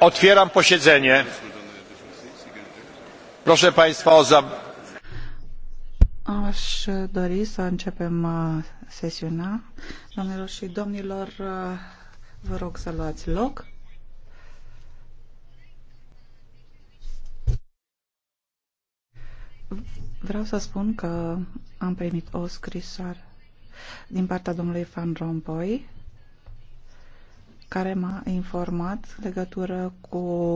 Otwieram posiedzenie. Proszę Państwa o za... Aș dori să începem uh, sesiunea. Doamnelor și domnilor, uh, vă rog să luați loc. Vreau să spun că am primit o scrisoare din partea domnului Van Rompuy care m-a informat legătură cu